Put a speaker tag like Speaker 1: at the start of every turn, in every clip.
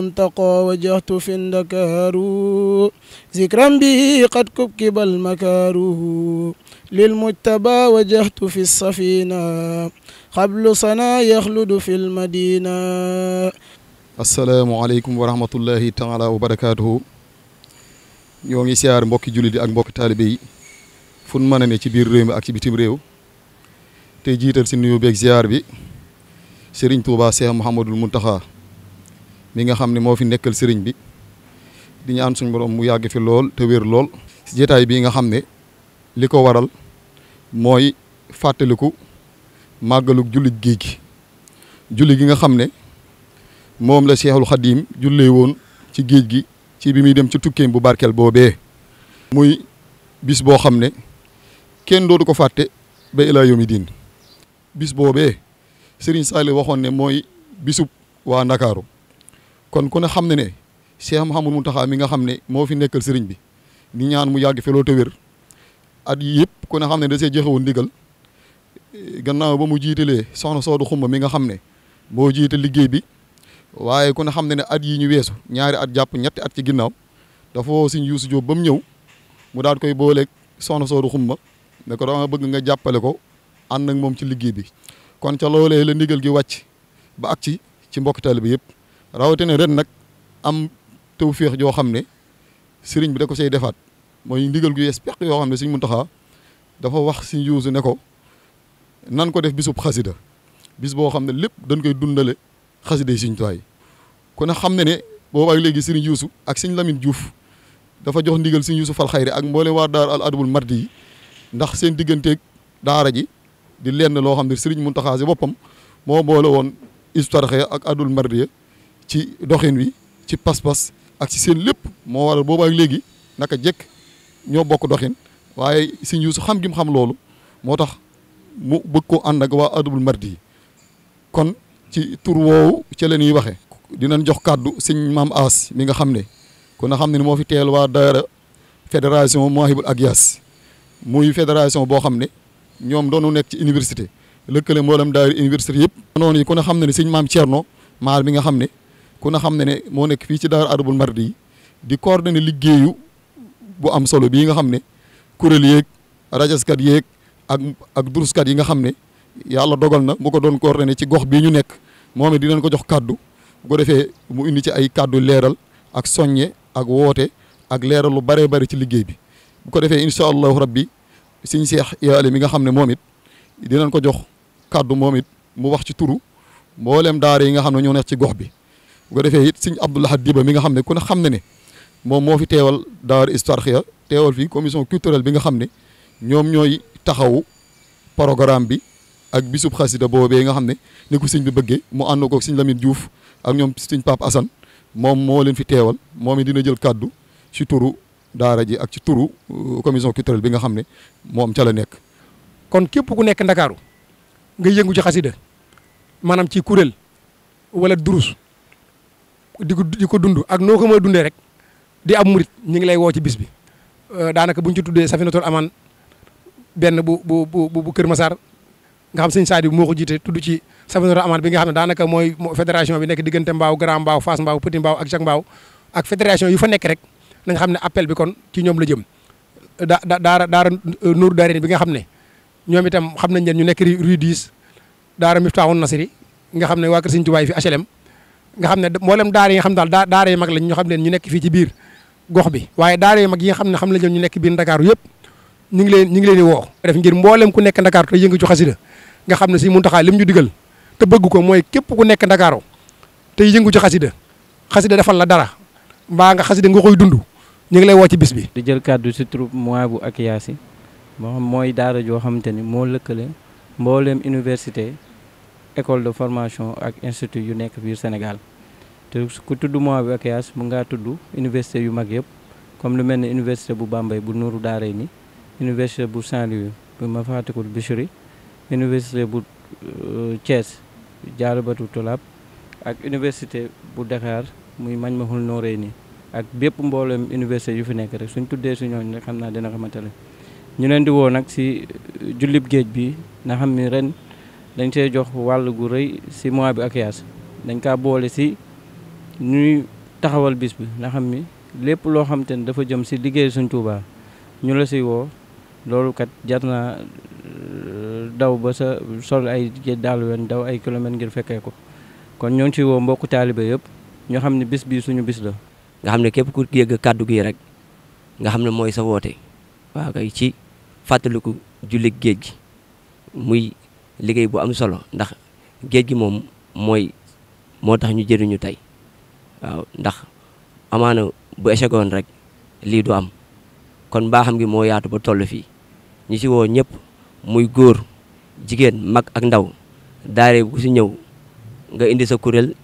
Speaker 1: المنتقى وجهت في النكار ذكرا به قد كبكب المكار للمجتبى وجهت في السفينة قبل صنا يخلد في المدينة
Speaker 2: asalaamaaleykum wa rahmatullahi taala wa barakaatuhu ñoo ngi siyaar mbokki jullit yi ak mbokki taalibe yi fu nu mën ci biir réew mi ak ci bitim te jiital si nuyu beeg ziar bi Serigne Touba Cheikh Mouhamadul Mountakha mi nga xam ne moo fi nekkal sëriñ bi di ñaan suñu borom mu yàgg fi lool te wér lool. si jotaay bii nga xam ne li ko waral mooy fàttaliku màggaluk jullit gi gi julli gi nga xam ne moom la Cheikhul Khadim jullee woon ci géej gi ci bi muy dem ci tukkeem bu barkeel boobee. muy bis boo xam ne kenn dootu ko fàtte ba ilaa yomi diin bis boobee Serigne Saliou waxoon ne mooy bisub waa Ndakaaru kon ku ne xam ne ne Cheikh mu Mountakha mi nga xam ne moo fi nekkal sëriñ bi ni ñaan mu yàgg fi loolu te wér at yii yëpp ku ne xam ne da see joxe woon gannaaw ba mu jiitalee soxna Soodu Xumba mi nga xam ne moo jiite liggéey bi waaye ku ne xam ne ne at yii ñu weesu ñaari at jàpp ñetti at ci ginnaaw dafa woo Sëriñ Yuusu Jóob ba mu ñëw mu daal koy booleeg soxna Soodu Xumba ne ko dama bëgg nga jàppale ko ànd ak moom ci liggéey bi kon ca loole la ndigal gi wàcc ba ak ci ci mbokk taalibe bi yëpp. rawatina ren nag am tew tawféex joo xam ne sëriñ bi da ko sey defaat mooy ndigal gu yees yoo xam ne Sëriñ Muntaxa dafa wax Sëriñ Yuusu ne ko nan ko def bisub xasida bis boo xam ne lépp dañ koy dundale xasida yi siñ Tuubaa kon ku xam ne ne boobu ak léegi Sëriñ Yuusu ak Sëriñ Lamin Juuf dafa jox ndigal Sëriñ Yuusu fal Xayri ak mboolem waa daar al adabul mardi yi ndax seen digganteeg daara ji di lenn loo xam ne Sëriñ Muntaxa si boppam moo mboole woon histoire ak adul mardi ci doxin wi ci pas-pas ak ci seen lépp moo waral booba ak léegi naka jekk ñoo bokk doxin waaye sëñ Yuusu xam gim xam loolu moo tax mu bëgg koo ànd ak waa Adabul Mardi kon ci tur woowu ca la ñuy waxee dinañ jox kàddu sëñ maam As mi nga xam ne kon na xam ne moo fi teel waa daara fédération Mawahibou Akyas muy fédération boo xam ne ñoom doonu nekk ci université lëkkale mboolem daara université yëpp noonu yi kon ne xam ne ne sëñ maam Thierno maar mi nga xam ne ku na xam ne ne moo nekk fii ci Daara Arabul Mardi di coordonné liggéeyu bu am solo bii nga xam ne kuréel yeeg rajaskat yeeg ak ak duruskat yi nga xam ne yàlla dogal na mu ko doon coordonné ci gox bii ñu nekk moom it dinañ ko jox kàddu bu defee mu indi ci ay kàddu leeral ak soññe ak woote ak leeral lu bëree bëri ci liggéey bi bu ko defee incha allahu rabbi siñ seex yaale mi nga xam ne moom it dinañ ko jox kàddu moom it mu wax ci turu mboolem daar yi nga xam ne ñoo nekk ci gox bi bu defee it sëñ Abdou Lahad Diba mi nga xam ne ku ne xam na ne moom moo fi teewal Daara Histoire teewal fii commission culturelle bi nga xam ne ñoom ñooy taxawu programme bi ak bisub xasida boobee nga xam ne ni ko sëñ bi bëggee mu ànd ko sëñ Lamine Diouf ak ñoom sëñ Pape Assane moom moo leen fi teewal moom it dina jël kàddu ci turu daara ji ak ci turu euh, commission culturelle bi nga xam ne moom ca la nekk. kon képp ku nekk ndakaaru nga yëngu ci xasida maanaam ci kuréel
Speaker 3: wala durus. di ko di ko dund ak noo ko a dundee rek di am murit ñu ngi lay woo ci bis bi euh, daanaka buñ ci tuddee Safinatul Aman benn bu bu bu bu Kër Masar nga xam sëñ Saadi bi moo ko jiite tudd ci Safinatul Aman bi nga xam ne daanaka mooy fédération bi nekk diggante Mbaaw Grand Mbaaw Fass Mbaaw Petit Mbaaw ak Jack Mbaaw ak fédération yu fa nekk rek na nga xam ne appel bi kon ci ñoom la jëm da da daara daara euh, Nuuru Daarayni bi nga xam ne ñoom itam xam nañ leen ñu nekk rue 10 daara Miftaahun Nasri nga xam ne waa Kër Sëñ Tuubaa fi HLM nga xam ne mboolem daar yi nga xam daal daa daara yu mag lañ ñu xam leen ñu nekk fii ci biir gox bi waaye daara yu mag yi nga xam ne xam la ñu nekk biir Ndakaaru yëpp ñu ngi leen ñu ngi leen di woo def ngir mboolem ku nekk Ndakaaru te yëngu ci xasida nga xam ne si Muntaxa lim ñu digal te bëgg ko mooy képp ku nekk Ndakaaru te yëngu ci xasida xasida defal la dara mbaa nga xasida nga koy dund
Speaker 1: ñu ngi lay woo ci bis bi di jël kàddu si troupe Mouwahibou Akyasi moo xam mooy daar joo xamante ni moo lëkkale mboolem université école de formation ak institut yu nekk biir Sénégal te ku tudd mois bi OCAS mu ngaa tudd université yu mag yëpp comme lu mel ne université bu Bambey bu nuru Nourou ni université bu Saint-Louis bu Mafatikul Bichri université bu euh, Thiès Diarrabatou Toulab ak université bu Dakar muy mañ Majmahun ni ak bépp mboolem université yu fi nekk rek suñ tuddee si ñooñu rek xam naa dina xamante ne ñu leen di woo nag si euh, jullib géej bi na xam ni ren. dañ see jox wàll gu rëy si mois bi ak yaas dañ kaa boole si ñuy taxawal bis bi nga xam ni lépp loo xam te ne dafa jëm si liggéey suñ Tuubaa ñu la si woo loolu kat jar naa euh, daw ba sa sol ay dàll wen daw ay kilomètres ngir fekkee ko kon ñoo ngi ciy woo mbokku taalibe yëpp ñoo xam ne bis bii suñu bis la. nga xam ne képp ku yëg kàddu gi rek nga xam ne mooy sa woote waaw kay ci fàttaliku jullit géej gi liggéey bu am solo ndax géej gi moom mooy moo tax ñu jëriñu tey waaw ndax amaana bu échecoon rek lii du am kon mbaaxam gi moo yaatu ba toll fii ñu ci woo ñépp muy góor jigéen mag ak ndaw daare bu si ñëw nga indi sa kuréel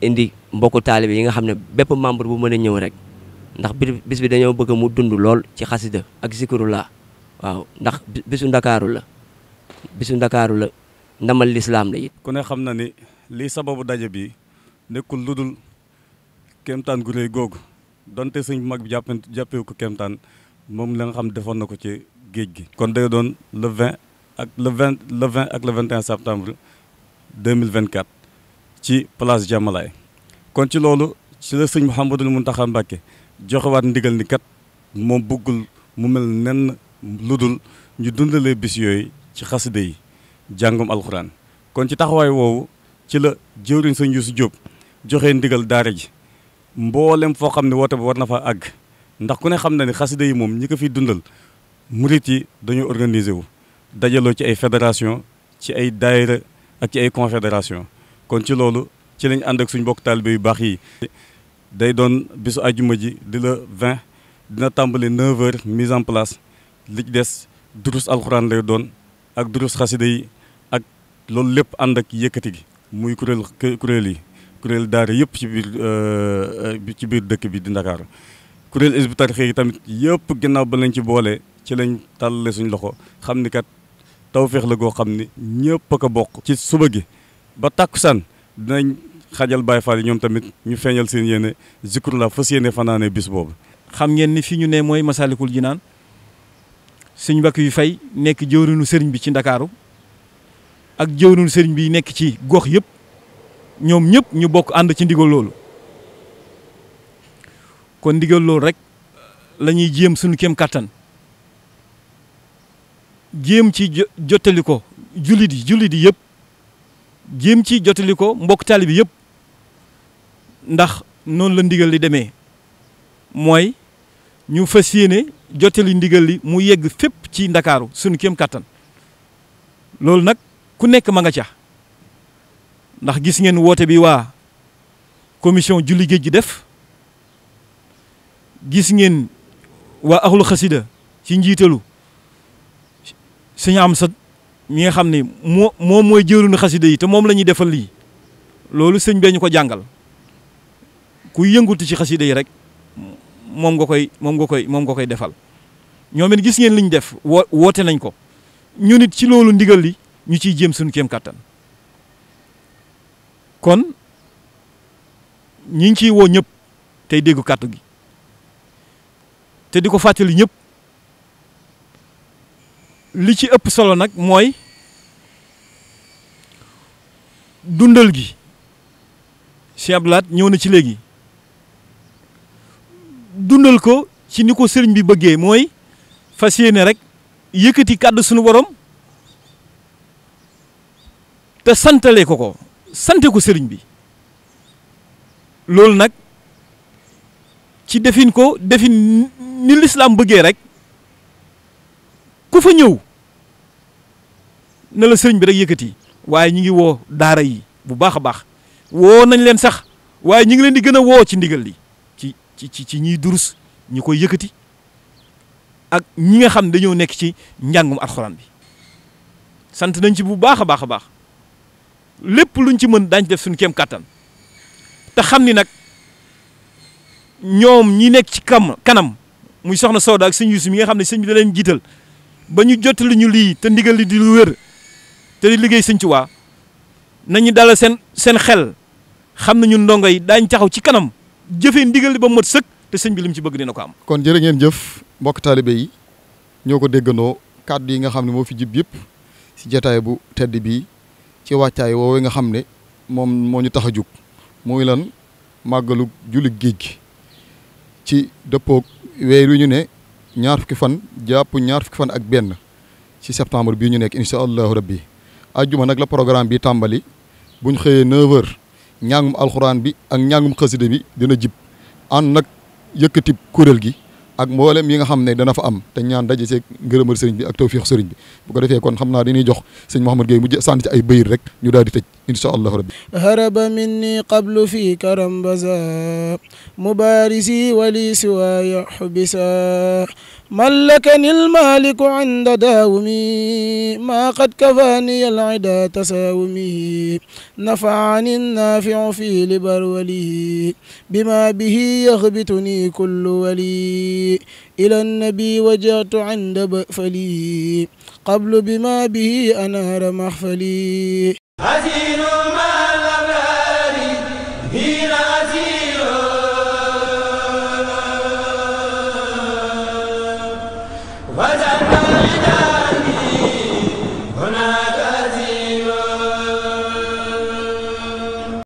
Speaker 1: indi mbokku taalibe yi nga xam ne bépp membre bu mën a ñëw rek ndax bis bi dañoo bëgg mu dund lool ci xasida ak zikru la waaw ndax bisu ndakaaru la bisu ndakaaru la ndamal lislaam la it.
Speaker 4: ku ne xam na ni lii sababu daje bi nekkul dul kéemtaan gu réy googu donte sëñ mag bi jàpp jàppewu ko kéemtaan moom la xam defoon na ko ci géej gi. kon day doon le vingt ak le 20 le vingt ak le 21 septembre 2024 ci place Diamalaye kon ci loolu ci la sëñ Mouhamadul Mountakha Mbacké joxewaat ndigal ni kat moom bëggul mu mel nenn ludul ñu dundalee bis yooyu. ci xasida yi jàngum alxuraan kon ci taxawaay woowu ci la jëwriñ sëñ Youssou Diop joxe ndigal daara ji mboolem foo xam ne woote ba war na fa àgg ndax ku ne xam na ne xasida yi moom ñi ko fiy dundal murit yi dañu organiser wu dajaloo ci ay fédération ci ay daayira ak ci ay confédération kon ci loolu ci lañ ànd ak suñ bokk taalibe yu baax yi day doon bisu ajuma ji di la vingt dina tàmbali 9 heures mise en place li ci des durus alxuraan lay doon ak durus xasida yi ak loolu lépp ànd ak yëkkati gi muy kuréel kuréel yi kuréel daara yëpp ci biir euh, ci biir dëkk bi di Ndakaaru kuréel Hizbut Tarqiyyah yi tamit yëpp ginnaaw ba lañ ci boole ci lañ tàllale suñ loxo xam ni kat tawféex la goo xam ni ñëpp ak ko bokk. ci suba gi ba tàkkusaan dinañ xajal Baay Faal ñoom tamit ñu feeñal seen yéene zikur la fas yéene fanaane bis boobu.
Speaker 3: xam ngeen ni fi ñu ne mooy Masaalikul naan sëñ Mbàkke yu fay nekk jëwriñu sëriñ bi ci ndakaaru ak jëwriñu sëriñ bi nekk ci gox yëpp ñoom ñëpp ñu bokk ànd ci ndigal loolu kon ndigal loolu rek lañuy jéem suñu kem kàttan jéem ci jottali ko jullit yi jullit yi yëpp jéem ci jottali ko mbokk taalibi yëpp ndax noonu la ndigal li demee mooy ñu fas yéene jottali ndigal li mu yegg fépp ci ndakaaru sunu kem kàttan loolu nag ku nekk ma nga ca ndax gis ngeen woote bi waa commission julli géej gi def gis ngeen waa axlu xasida ci njiitalu suñu am sa mi nga xam ne moo moom mooy jëruñu xasida yi te moom la ñuy defal lii loolu sëñ bee ñu ko jàngal ku yëngutu ci xasida yi rek moom nga koy moom nga koy moom nga koy defal ñoom gis ngeen li ñu def woo woote nañ ko ñunit ci loolu ndigal li ñu ciy jéem suñu kéem kattan kon ñi ngi ciy woo ñëpp tey déggu kàddu gi te di ko fàttali ñëpp li ci ëpp solo nag mooy dundal gi Cheikh Abdou Lahad ñëw na ci léegi dundal ko ci ni ko sëriñ bi bëggee mooy fas yéene rek yëkkati kàdd suñu borom te santale ko ko sante ko sëriñ bi loolu nag ci defin ko defin ni lislaam bëggee rek ku fa ñëw na la sëriñ bi rek yëkkati waaye ñu ngi woo daara yi bu baax a baax woo nañ leen sax waaye ñu ngi leen di gën a woo ci ndigal li ci ci ci durus ñi koy yëkkati ak ñi nga xam dañoo nekk ci njàngum alxuraan bi sant nañ ci bu baax a baax a baax lépp luñ ci mën daañ def suñu kéem kàttan te xam ni nag ñoom ñi nekk ci kam kanam muy soxna Sooda ak sëñ Yuusu mi nga xam ne sëñ bi jiital ba ñu jottali ñu lii te ndigal li di lu wér te di liggéey sëñ Tuubaa nañu dalal seen seen xel xam nañu ndongo yi daañ taxaw ci kanam jëfee ndigal li ba mot sëkk te sëñ bi lim ci bëgg dina ko am.
Speaker 2: kon jërë ngeen jëf mbokk taalibe yi ñoo ko déggandoo kàddu yi nga xam ne moo fi jib yëpp si jataay bu tedd bii ci wàccaay woowee nga xam ne moom moo ñu tax a jug muy lan màggalu julli géej ci dëppoog weer yu ñu ne ñaar fukki fan jàpp ñaar fukki fan ak benn ci septembre bii ñu nekk incha allahu rabbi ajjuma nag la programme bi tàmbali buñ xëyee 9 ñaangum alxuraan bi ak ñaangum xasida bi dina jib ànd nag yëkkatib kuréel gi ak mboolem yi nga xam ne dana fa am te ñaan daje see ngërëmal sëriñ bi ak tawfiix sëriñ bi bu ko defee kon xam naa dañuy jox sëñ Mouhamed Gueye mu sànni ci ay bayit rek ñu daal di tëj incha allahu rabbi
Speaker 1: haraba minni qablu fi karambasa mubarisi wali siwaaya xubisa ملكني المالك عند داومي ما قد كفاني العدا تساومي نفعني النافع في لبرولي بما به يغبطني كل ولي إلى النبي وجعت عند بأفلي قبل بما به أنار محفلي Azinu